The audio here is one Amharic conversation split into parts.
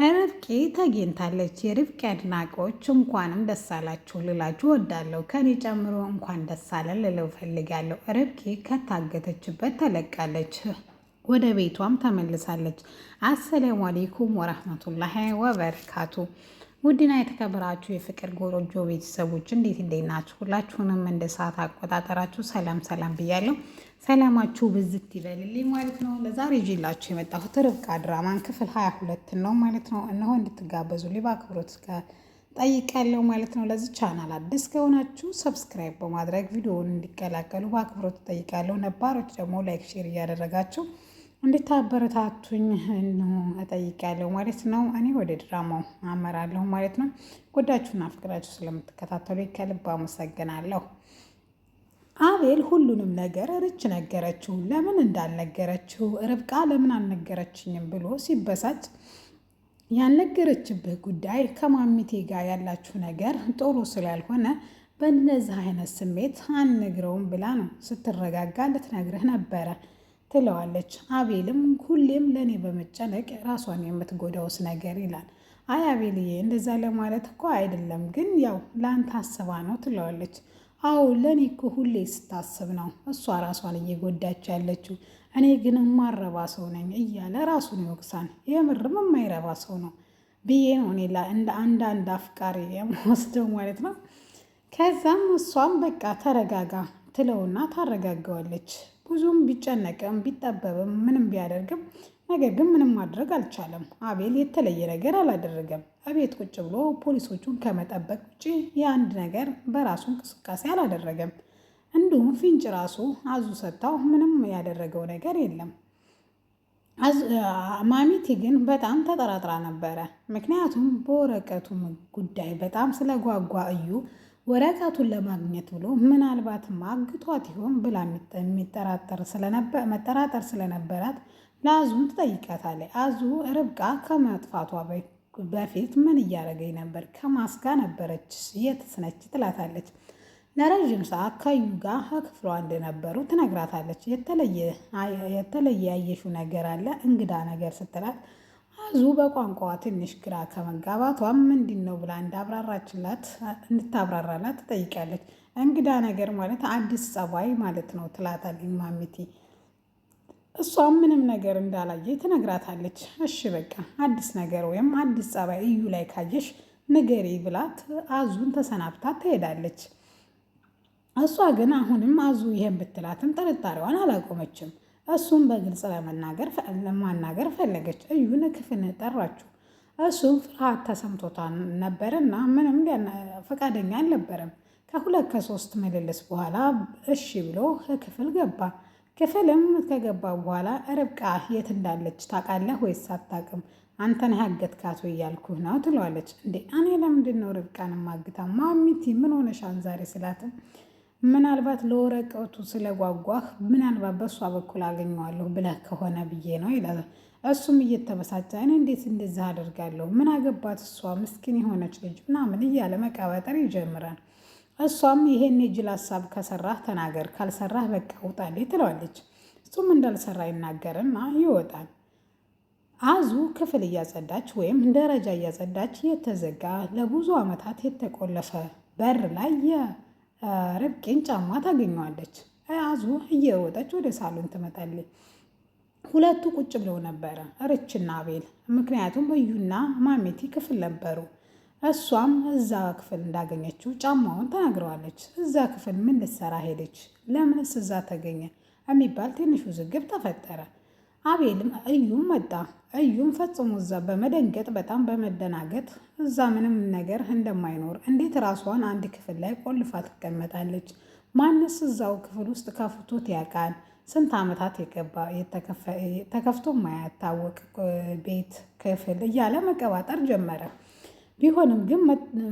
ርብቃ ተገኝታለች። የርብቂ አድናቂዎች እንኳንም ደስ አላችሁ ልላችሁ ወዳለሁ። ከኔ ጨምሮ እንኳን ደስ አለን ልለው ፈልጋለሁ። ርብቃ ከታገተችበት ተለቃለች፣ ወደ ቤቷም ተመልሳለች። አሰላሙ አሌይኩም ወረህመቱላሂ ወበረካቱ። ውድና የተከበራችሁ የፍቅር ጎሮጆ ቤተሰቦች እንዴት እንዴት ናችሁ? ሁላችሁንም እንደ ሰዓት አቆጣጠራችሁ ሰላም ሰላም ብያለሁ። ሰላማችሁ ብዝት ይበልልኝ ማለት ነው። ለዛሬ ይዤላችሁ የመጣሁት ርብቃ ድራማን ክፍል ሀያ ሁለት ነው ማለት ነው። እነሆ ክብሮት በአክብሮት ጠይቃለሁ ማለት ነው። ለዚህ ቻናል አዲስ ከሆናችሁ ሰብስክራይብ በማድረግ ቪዲዮውን እንዲቀላቀሉ በአክብሮት ጠይቃለሁ። ነባሮች ደግሞ ላይክ፣ ሼር እያደረጋችሁ እንድታበረታቱኝ ነው እጠይቃለሁ ማለት ነው። እኔ ወደ ድራማው አመራለሁ ማለት ነው። ጎዳችሁና ፍቅራችሁ ስለምትከታተሉ ከልብ አመሰግናለሁ። አቤል ሁሉንም ነገር ርች ነገረችው። ለምን እንዳልነገረችው ርብቃ ለምን አልነገረችኝም ብሎ ሲበሳጭ ያልነገረችብህ ጉዳይ ከማሚቴ ጋር ያላችሁ ነገር ጥሩ ስላልሆነ በእነዚህ አይነት ስሜት አንነግረውም ብላ ነው ስትረጋጋ ልትነግርህ ነበረ ትለዋለች። አቤልም ሁሌም ለእኔ በመጨነቅ ራሷን የምትጎዳውስ ነገር ይላል። አይ አቤልዬ፣ እንደዛ ለማለት እኮ አይደለም፣ ግን ያው ለአንተ አስባ ነው ትለዋለች። አዎ ለእኔ እኮ ሁሌ ስታስብ ነው እሷ ራሷን እየጎዳች ያለችው፣ እኔ ግን የማረባ ሰው ነኝ እያለ ራሱን ይወቅሳል። የምርም የማይረባ ሰው ነው ብዬ ነው እኔ እንደ አንዳንድ አፍቃሪ የምወስደው ማለት ነው። ከዛም እሷም በቃ ተረጋጋ ትለውና ታረጋገዋለች። ብዙም ቢጨነቅም ቢጠበብም ምንም ቢያደርግም ነገር ግን ምንም ማድረግ አልቻለም። አቤል የተለየ ነገር አላደረገም። እቤት ቁጭ ብሎ ፖሊሶቹን ከመጠበቅ ውጭ የአንድ ነገር በራሱ እንቅስቃሴ አላደረገም። እንዲሁም ፊንጭ ራሱ አዙ ሰጥታው ምንም ያደረገው ነገር የለም። ማሚቲ ግን በጣም ተጠራጥራ ነበረ። ምክንያቱም በወረቀቱ ጉዳይ በጣም ስለጓጓ እዩ ወረቀቱን ለማግኘት ብሎ ምናልባትም አግቷት ይሆን ብላ መጠራጠር ስለነበራት ለአዙም ትጠይቃታለች። አዙ ርብቃ ከመጥፋቷ በፊት ምን እያደረገኝ ነበር? ከማስጋ ነበረች፣ የትስ ትላታለች። ለረዥም ሰዓት ከዩ ጋር ከክፍሏ እንደነበሩ ትነግራታለች። የተለየ ያየሹ ነገር አለ? እንግዳ ነገር ስትላት አዙ በቋንቋዋ ትንሽ ግራ ከመጋባቷ ምንድን ነው ብላ እንዳብራራችላት እንድታብራራላት ትጠይቃለች። እንግዳ ነገር ማለት አዲስ ጸባይ ማለት ነው ትላታል ማሚቴ። እሷ ምንም ነገር እንዳላየ ትነግራታለች። እሺ በቃ አዲስ ነገር ወይም አዲስ ጸባይ እዩ ላይ ካየሽ ንገሪ ብላት አዙን ተሰናብታ ትሄዳለች። እሷ ግን አሁንም አዙ ይሄን ብትላትም ጥርጣሬዋን አላቆመችም። እሱም በግልጽ ለመናገር ለማናገር ፈለገች። እዩን ክፍን ጠራችው። እሱም ፍርሃት ተሰምቶታ ነበርና ምንም ፈቃደኛ አልነበረም። ከሁለት ከሶስት ምልልስ በኋላ እሺ ብሎ ክፍል ገባ። ክፍልም ከገባ በኋላ ርብቃ የት እንዳለች ታውቃለህ ወይስ አታውቅም? አንተ ነህ ያገትካት ወይ እያልኩህ ነው ትለዋለች። እንዴ እኔ ለምንድን ነው ርብቃን ማግታ? ማሚቲ ምን ሆነሻን ዛሬ ስላትም ምናልባት ለወረቀቱ ስለጓጓህ ምናልባት በእሷ በኩል አገኘዋለሁ ብለህ ከሆነ ብዬ ነው ይላል። እሱም እየተበሳጨ እኔ እንዴት እንደዚህ አደርጋለሁ? ምን አገባት እሷ ምስኪን የሆነች ልጅ ምናምን እያለ መቀበጠር ይጀምራል። እሷም ይሄን የጅል ሀሳብ ከሰራህ ተናገር፣ ካልሰራህ በቃ ውጣሌ ትለዋለች። እሱም እንዳልሰራ ይናገርና ይወጣል። አዙ ክፍል እያጸዳች ወይም ደረጃ እያጸዳች የተዘጋ ለብዙ ዓመታት የተቆለፈ በር ላይ የርብቃን ጫማ ታገኘዋለች። አዙ እየወጣች ወደ ሳሎን ትመጣለች። ሁለቱ ቁጭ ብለው ነበረ ርችና አቤል። ምክንያቱም እዩና ማሜቲ ክፍል ነበሩ። እሷም እዛ ክፍል እንዳገኘችው ጫማውን ተናግረዋለች። እዛ ክፍል ምን ልትሰራ ሄደች? ለምንስ እዛ ተገኘ? የሚባል ትንሽ ውዝግብ ተፈጠረ። አቤልም እዩም መጣ። እዩም ፈጽሞ እዛ በመደንገጥ በጣም በመደናገጥ እዛ ምንም ነገር እንደማይኖር እንዴት ራሷን አንድ ክፍል ላይ ቆልፋ ትቀመጣለች? ማንስ እዛው ክፍል ውስጥ ከፍቶት ያውቃል? ስንት ዓመታት የገባ ተከፍቶ ማያታወቅ ቤት ክፍል እያለ መቀባጠር ጀመረ። ቢሆንም ግን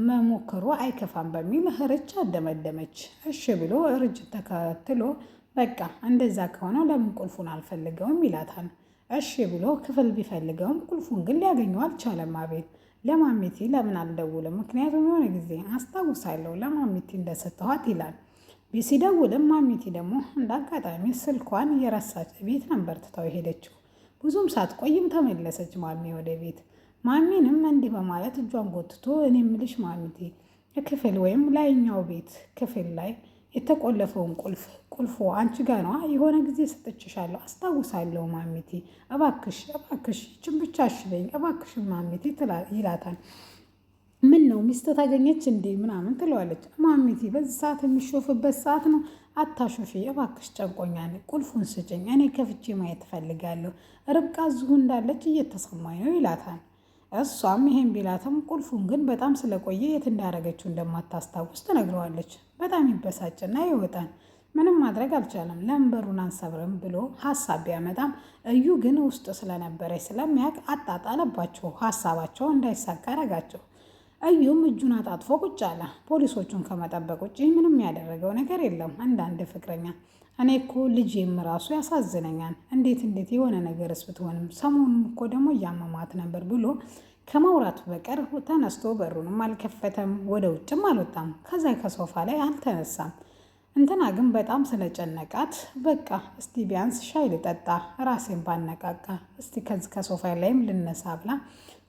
መሞከሩ አይከፋም በሚል ርች አደመደመች። እሺ ብሎ ርችት ተከትሎ በቃ እንደዛ ከሆነ ለምን ቁልፉን አልፈልገውም ይላታል። እሺ ብሎ ክፍል ቢፈልገውም ቁልፉን ግን ሊያገኘው አልቻለም። አቤት ለማሚቲ ለምን አልደውልም? ምክንያቱም የሆነ ጊዜ አስታውሳለሁ ለማሚቲ እንደሰጠኋት ይላል። ሲደውልም ማሚቲ ደግሞ እንደ አጋጣሚ ስልኳን የረሳች ቤት ነበር ትታው የሄደችው። ብዙም ሳትቆይም ተመለሰች ማሚ ወደ ቤት። ማሚንም እንዲህ በማለት እጇን ጎትቶ እኔ ምልሽ ማሚቴ ክፍል ወይም ላይኛው ቤት ክፍል ላይ የተቆለፈውን ቁልፍ ቁልፎ አንቺ ጋ ነዋ። የሆነ ጊዜ ሰጥቼሻለሁ አስታውሳለሁ። ማሚቴ እባክሽ እባክሽ ይችን ብቻ አሽለኝ እባክሽ ማሚቴ ይላታል። ምን ነው ሚስት ታገኘች እንዴ ምናምን ትለዋለች። ማሚቴ በዚህ ሰዓት የሚሾፍበት ሰዓት ነው፣ አታሾፊ እባክሽ፣ ጨንቆኛል። ቁልፉን ስጭኝ፣ እኔ ከፍቼ ማየት እፈልጋለሁ። ርብቃ እዚሁ እንዳለች እየተሰማኝ ነው ይላታል። እሷም ይሄን ቢላትም ቁልፉን ግን በጣም ስለቆየ የት እንዳረገችው እንደማታስታውስ ትነግረዋለች። በጣም ይበሳጭና ይወጣል። ምንም ማድረግ አልቻለም። ለንበሩን አንሰብርም ብሎ ሀሳብ ቢያመጣም እዩ ግን ውስጥ ስለነበረች ስለሚያውቅ አጣጣለባቸው። ሀሳባቸው እንዳይሳካ አረጋቸው። እዩም እጁን አጣጥፎ ቁጭ አለ። ፖሊሶቹን ከመጠበቅ ውጭ ምንም ያደረገው ነገር የለም። አንዳንድ ፍቅረኛ እኔ እኮ ልጄም ራሱ ያሳዝነኛል። እንዴት እንዴት የሆነ ነገርስ ብትሆንም ሰሞኑን እኮ ደግሞ እያመማት ነበር ብሎ ከማውራት በቀር ተነስቶ በሩንም አልከፈተም፣ ወደ ውጭም አልወጣም፣ ከዛ ከሶፋ ላይ አልተነሳም። እንትና ግን በጣም ስለጨነቃት በቃ እስቲ ቢያንስ ሻይ ልጠጣ ራሴን ባነቃቃ እስቲ ከዚ ከሶፋ ላይም ልነሳ ብላ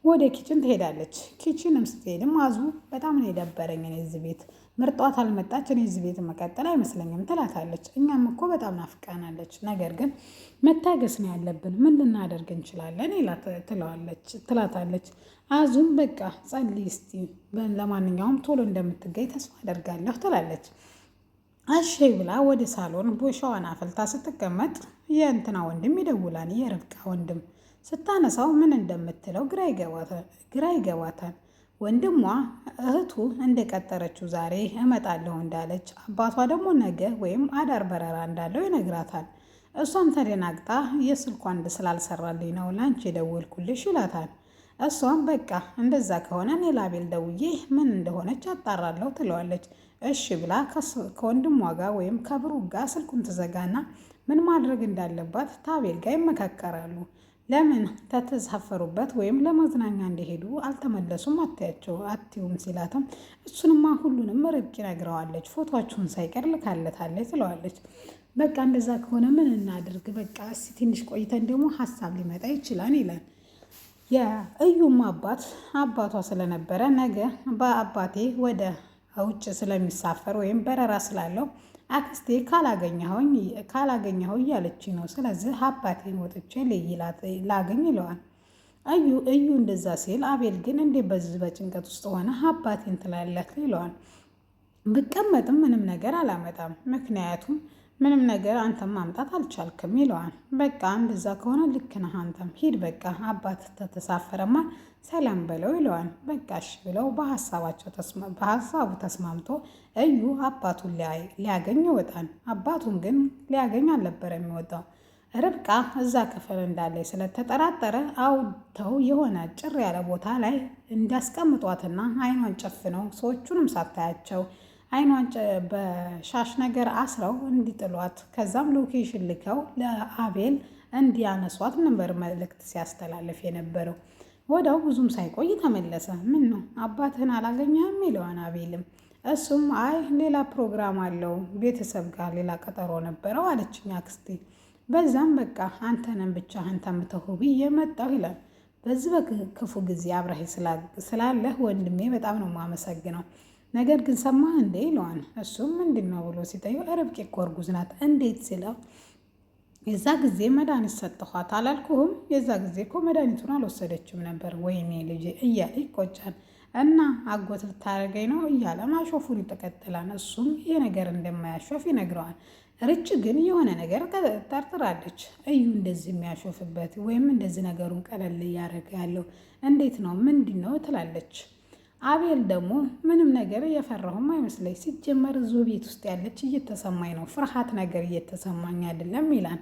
ወደ ኪችን ትሄዳለች። ኪችንም ስትሄድም አዙ በጣም ነው የደበረኝ እኔ እዚህ ቤት ምርጧት አልመጣች እኔ እዚህ ቤት መቀጠል አይመስለኝም ትላታለች። እኛም እኮ በጣም ናፍቃናለች፣ ነገር ግን መታገስ ነው ያለብን፣ ምን ልናደርግ እንችላለን ትለዋለች ትላታለች። አዙም በቃ ጸልይ እስቲ፣ ለማንኛውም ቶሎ እንደምትገኝ ተስፋ አደርጋለሁ ትላለች። እሺ ብላ ወደ ሳሎን ቦሻዋን አፈልታ ስትቀመጥ የእንትና ወንድም ይደውላል። የርብቃ ወንድም ስታነሳው ምን እንደምትለው ግራ ይገባታል። ወንድሟ እህቱ እንደቀጠረችው ዛሬ እመጣለሁ እንዳለች አባቷ ደግሞ ነገ ወይም አዳር በረራ እንዳለው ይነግራታል። እሷም ተደናግጣ የስልኳ አንድ ስላልሰራልኝ ነው ላንቺ የደወልኩልሽ ይላታል። እሷም በቃ እንደዛ ከሆነ እኔ ላቤል ደውዬ ምን እንደሆነች አጣራለሁ ትለዋለች። እሺ ብላ ከወንድሟ ጋር ወይም ከብሩ ጋር ስልኩን ትዘጋና ምን ማድረግ እንዳለባት ታቤል ጋር ይመካከራሉ። ለምን ተተሳፈሩበት ወይም ለመዝናኛ እንዲሄዱ አልተመለሱም አታያቸው አትዩም ሲላትም እሱንማ ሁሉንም ርብቃ ነግረዋለች፣ ፎቶችሁን ሳይቀር ልካለታለች ትለዋለች። በቃ እንደዛ ከሆነ ምን እናድርግ? በቃ እስኪ ትንሽ ቆይተን ደግሞ ሀሳብ ሊመጣ ይችላል ይላል። የእዩም አባት አባቷ ስለነበረ ነገ በአባቴ ወደ ውጭ ስለሚሳፈር ወይም በረራ ስላለው አክስቴ ካላገኘሁኝ ካላገኘሁ እያለች ነው። ስለዚህ አባቴን ወጥቼ ልይላት ላገኝ ይለዋል። እዩ እዩ እንደዛ ሲል አቤል ግን እንዴ በዚህ በጭንቀት ውስጥ ሆነ አባቴን ትላለክ ይለዋል። ብቀመጥም ምንም ነገር አላመጣም ምክንያቱም ምንም ነገር አንተም ማምጣት አልቻልክም ይለዋል። በቃ እንደዛ ከሆነ ልክ ነህ አንተም ሂድ በቃ አባት ተተሳፈረማ ሰላም በለው ይለዋል። በቃሽ ብለው በሀሳባቸው በሀሳቡ ተስማምቶ እዩ አባቱን ሊያገኝ ይወጣል። አባቱን ግን ሊያገኝ አልነበረ የሚወጣው ርብቃ እዛ ክፍል እንዳለ ስለተጠራጠረ አውጥተው የሆነ ጭር ያለ ቦታ ላይ እንዳስቀምጧትና አይኗን ጨፍነው ሰዎቹንም ሳታያቸው አይኗን በሻሽ ነገር አስረው እንዲጥሏት ከዛም ሎኬሽን ልከው ለአቤል እንዲያነሷት ነበር መልእክት ሲያስተላልፍ የነበረው። ወዲያው ብዙም ሳይቆይ ተመለሰ። ምን ነው አባትህን አላገኘህም? ይለዋን አቤልም እሱም አይ ሌላ ፕሮግራም አለው ቤተሰብ ጋር ሌላ ቀጠሮ ነበረው አለችኝ አክስቴ። በዛም በቃ አንተንም ብቻ አንተም ተውህ ብዬ መጣሁ ይላል። በዚህ በክፉ ጊዜ አብረሄ ስላለህ ወንድሜ በጣም ነው የማመሰግነው ነገር ግን ሰማ እንዴ ይለዋል። እሱም ምንድን ነው ብሎ ሲጠየው ርብቃ እኮ እርጉዝ ናት እንዴት ሲለው የዛ ጊዜ መድኃኒት ሰጥኋት አላልኩህም? የዛ ጊዜ እኮ መድኃኒቱን አልወሰደችም ነበር። ወይኔ ልጄ እያለ ይቆጫል። እና አጎት ልታደርገኝ ነው እያለ ማሾፉን ይቀጥላል። እሱም ይሄ ነገር እንደማያሾፍ ይነግረዋል። ርች ግን የሆነ ነገር ጠርጥራለች። እዩ እንደዚህ የሚያሾፍበት ወይም እንደዚህ ነገሩን ቀለል እያደረገ ያለው እንዴት ነው ምንድን ነው ትላለች። አቤል ደግሞ ምንም ነገር እየፈራሁም አይመስለኝ። ሲጀመር እዙ ቤት ውስጥ ያለች እየተሰማኝ ነው፣ ፍርሃት ነገር እየተሰማኝ አይደለም ይላል።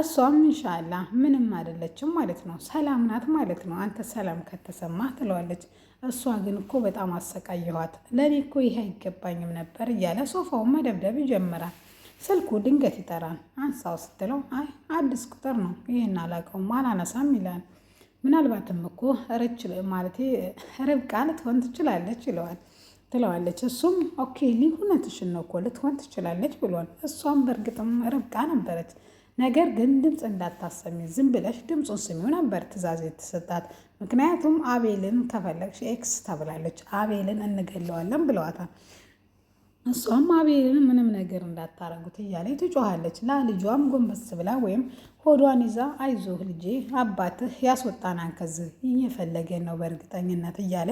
እሷም እንሻላ ምንም አይደለችም ማለት ነው፣ ሰላም ናት ማለት ነው፣ አንተ ሰላም ከተሰማ ትለዋለች። እሷ ግን እኮ በጣም አሰቃየኋት፣ ለእኔ እኮ ይሄ አይገባኝም ነበር እያለ ሶፋውን መደብደብ ይጀምራል። ስልኩ ድንገት ይጠራል። አንሳው ስትለው አይ አዲስ ቁጥር ነው ይህን አላውቀውም አላነሳም ይላል። ምናልባትም እኮ ረች ማለት ርብቃ ልትሆን ትችላለች ይለዋል ትለዋለች። እሱም ኦኬ ሊሁነ ነው እኮ ልትሆን ትችላለች ብሏል። እሷም በእርግጥም ርብቃ ነበረች። ነገር ግን ድምፅ እንዳታሰሚ ዝም ብለሽ ድምፁን ስሚው ነበር ትእዛዝ የተሰጣት። ምክንያቱም አቤልን ከፈለግሽ ኤክስ ተብላለች። አቤልን እንገለዋለን ብለዋታል። እሷም አቤልን ምንም ነገር እንዳታረጉት እያለ ትጮኋለች። ላ ልጇም ጎንበስ ብላ ወይም ሆዷን ይዛ አይዞህ ልጄ አባትህ ያስወጣናን ከዚህ እየፈለገን ነው በእርግጠኝነት እያለ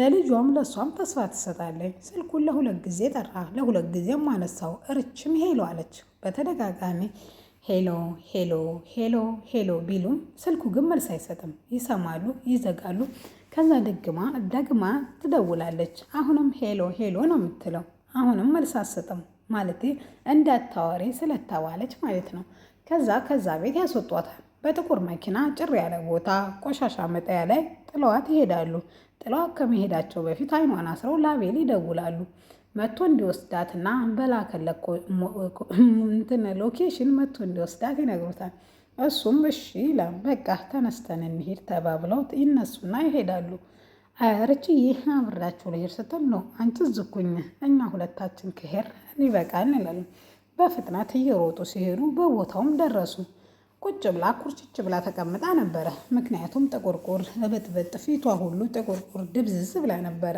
ለልጇም ለእሷም ተስፋ ትሰጣለች። ስልኩን ለሁለት ጊዜ ጠራ። ለሁለት ጊዜ ማነሳው እርችም ሄሎ አለች በተደጋጋሚ ሄሎ ሄሎ ሄሎ ሄሎ ቢሉም ስልኩ ግን መልስ አይሰጥም። ይሰማሉ፣ ይዘጋሉ። ከዛ ደግማ ደግማ ትደውላለች። አሁንም ሄሎ ሄሎ ነው የምትለው አሁንም መልስ አሰጥም ማለት እንዳታወሪ ስለተባለች ማለት ነው። ከዛ ከዛ ቤት ያስወጧታል። በጥቁር መኪና ጭር ያለ ቦታ ቆሻሻ መጣያ ላይ ጥለዋት ይሄዳሉ። ጥለዋት ከመሄዳቸው በፊት አይኗን አስረው ላቤል ይደውላሉ። መቶ እንዲወስዳትና በላከለ ሎኬሽን መቶ እንዲወስዳት ይነግሩታል። እሱም እሺ ይላል። በቃ ተነስተን እንሄድ ተባብለው ይነሱና ይሄዳሉ። ረች ይህ አብራችሁ ልሄድ ስትል ነው አንቺ ዝኩኝ እኛ ሁለታችን ክሄር ይበቃል ይላሉ። በፍጥነት እየሮጡ ሲሄዱ በቦታውም ደረሱ። ቁጭ ብላ ኩርችች ብላ ተቀምጣ ነበረ። ምክንያቱም ጥቁርቁር እብጥብጥ ፊቷ ሁሉ ጥቁርቁር ድብዝዝ ብላ ነበረ።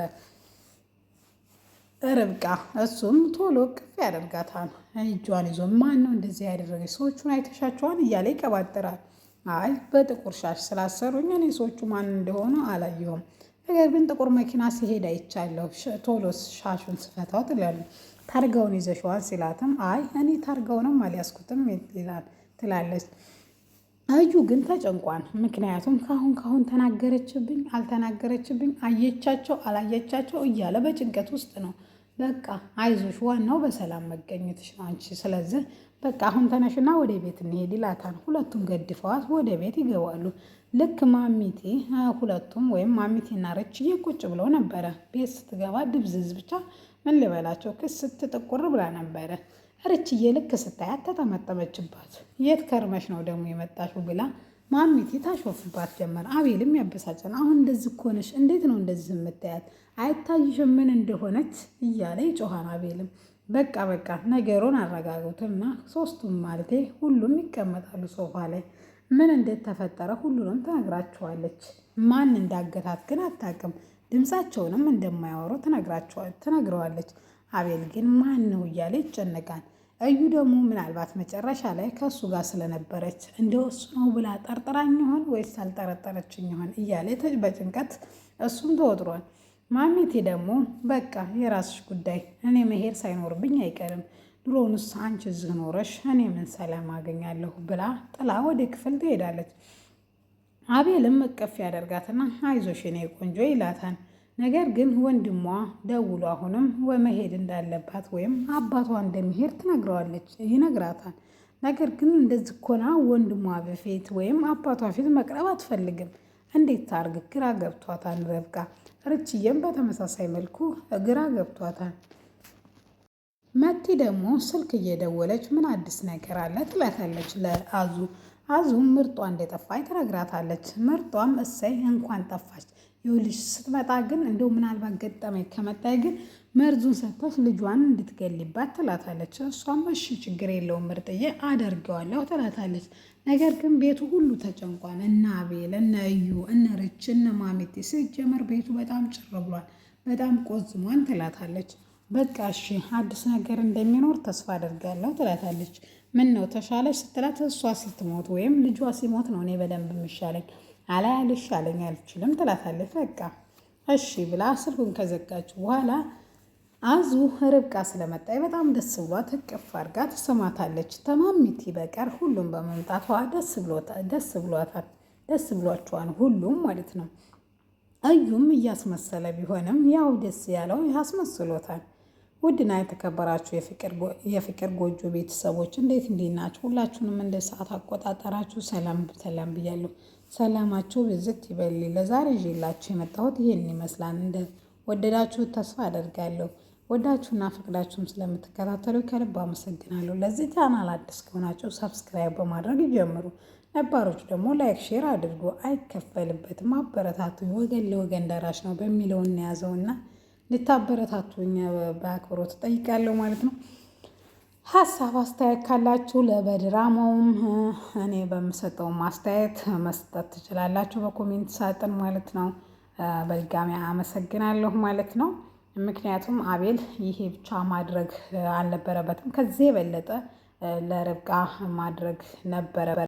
ርብቃ እሱም ቶሎ ቅፍ ያደርጋታል። እጇን ይዞ ማን ነው እንደዚህ ያደረገች ሰዎቹን አይተሻቸዋን እያለ ይቀባጥራል። አይ በጥቁር ሻሽ ስላሰሩኝ እኔ ሰዎቹ ማን እንደሆኑ አላየሁም ነገር ግን ጥቁር መኪና ሲሄድ አይቻለሁ። ቶሎስ ሻሹን ስፈታው ትላለች። ታርጋውን ይዘሽዋል ሲላትም አይ እኔ ታርጋውንም አልያዝኩትም ትላለች። እዩ ግን ተጨንቋን ምክንያቱም ካሁን ካሁን ተናገረችብኝ አልተናገረችብኝ፣ አየቻቸው አላየቻቸው እያለ በጭንቀት ውስጥ ነው። በቃ አይዞሽ፣ ዋናው በሰላም መገኘትሽ ነው አንቺ። ስለዚህ በቃ አሁን ተነሽና ወደ ቤት እንሄድ ይላታል። ሁለቱም ገድፈዋት ወደ ቤት ይገባሉ። ልክ ማሚቴ ሁለቱም ወይም ማሚቴና ረችዬ ቁጭ ብለው ነበረ። ቤት ስትገባ ድብዝዝ ብቻ ምን ልበላቸው ክስ ስትጥቁር ብላ ነበረ። ርችዬ ልክ ስታያት ተጠመጠመችባት። የት ከርመሽ ነው ደግሞ የመጣሽው ብላ ማሚቴ ታሾፍባት ጀመር። አቤልም ያበሳጨን። አሁን እንደዚህ እኮ ነሽ፣ እንዴት ነው እንደዚህ የምታያት? አይታይሽም ምን እንደሆነች እያለ ይጮኻን። አቤልም በቃ በቃ ነገሩን አረጋግጡና ሶስቱም ማለቴ ሁሉም ይቀመጣሉ ሶፋ ላይ። ምን እንዴት ተፈጠረ ሁሉንም ትነግራቸዋለች። ማን እንዳገታት ግን አታውቅም። ድምፃቸውንም እንደማያወሩ ትነግረዋለች። አቤል ግን ማን ነው እያለ ይጨነቃል። እዩ ደግሞ ምናልባት መጨረሻ ላይ ከእሱ ጋር ስለነበረች እንደው እሱ ነው ብላ ጠርጥራኝ ይሆን ወይስ አልጠረጠረችኝ ይሆን እያለ በጭንቀት እሱም ተወጥሯል። ማሚቴ ደግሞ በቃ የራስሽ ጉዳይ፣ እኔ መሄድ ሳይኖርብኝ አይቀርም ድሮውንስ አንቺ እዚህ ኖረሽ እኔ ምን ሰላም አገኛለሁ ብላ ጥላ ወደ ክፍል ትሄዳለች። አቤልም እቅፍ ያደርጋትና አይዞሽ የኔ ቆንጆ ይላታል። ነገር ግን ወንድሟ ደውሎ አሁንም መሄድ እንዳለባት ወይም አባቷ እንደሚሄድ ትነግረዋለች ይነግራታል። ነገር ግን እንደዚህ ኮና ወንድሟ በፊት ወይም አባቷ ፊት መቅረብ አትፈልግም። እንዴት ታርግ? ግራ ገብቷታል ረብቃ። ርችዬም በተመሳሳይ መልኩ ግራ ገብቷታል። መቲ ደግሞ ስልክ እየደወለች ምን አዲስ ነገር አለ ትላታለች ለአዙ። አዙ ምርጧ እንደጠፋ ትነግራታለች። ምርጧም እሰይ እንኳን ጠፋች ይኸውልሽ ስትመጣ ግን እንደው ምናልባት ገጠመኝ ከመጣይ ግን መርዙን ሰጥተሽ ልጇን እንድትገልባት ትላታለች። እሷም እሺ ችግር የለውም ምርጥዬ አደርገዋለሁ ትላታለች። ነገር ግን ቤቱ ሁሉ ተጨንቋል። እነ አቤል፣ እነ እዩ፣ እነ ርች፣ እነ ማሜቴ ስጀመር ቤቱ በጣም ጭር ብሏል፣ በጣም ቆዝሟን ትላታለች። በቃ እሺ አዲስ ነገር እንደሚኖር ተስፋ አደርጋለሁ ትላታለች። ምን ነው ተሻለች ስትላት እሷ ስትሞት ወይም ልጇ ሲሞት ነው እኔ በደንብ የሚሻለኝ አላያልሽ አለኝ አልችልም ትላታለች። በቃ እሺ ብላ ስልኩን ከዘጋች በኋላ አዙ ርብቃ ስለመጣች በጣም ደስ ብሏት እቅፍ አድርጋ ትሰማታለች። ተማሚቲ በቀር ሁሉም በመምጣቷ ደስ ብሏታል። ደስ ብሏቸዋል ሁሉም ማለት ነው። እዩም እያስመሰለ ቢሆንም ያው ደስ ያለው ያስመስሎታል። ውድና የተከበራችሁ የፍቅር ጎጆ ቤተሰቦች እንዴት እንዲናችሁ? ሁላችሁንም እንደ ሰዓት አቆጣጠራችሁ ሰላም ሰላም ብያለሁ። ሰላማችሁ ብዝት ይበል። ለዛሬ ይዤላችሁ የመጣሁት ይሄን ይመስላል። እንደ ወደዳችሁ ተስፋ አደርጋለሁ። ወዳችሁና ፈቅዳችሁም ስለምትከታተሉ ከልብ አመሰግናለሁ። ለዚህ ቻናል አዲስ ከሆናችሁ ሰብስክራይብ በማድረግ ይጀምሩ። ነባሮች ደግሞ ላይክ፣ ሼር አድርጎ አይከፈልበትም። አበረታቱ። ወገን ለወገን ደራሽ ነው በሚለው እንያዘውና ልታበረታቱኝ በአክብሮት ጠይቃለሁ ማለት ነው። ሀሳብ አስተያየት ካላችሁ ለበድራማውም እኔ በምሰጠው አስተያየት መስጠት ትችላላችሁ፣ በኮሜንት ሳጥን ማለት ነው። በድጋሚ አመሰግናለሁ ማለት ነው። ምክንያቱም አቤል ይሄ ብቻ ማድረግ አልነበረበትም። ከዚህ የበለጠ ለርብቃ ማድረግ ነበረ።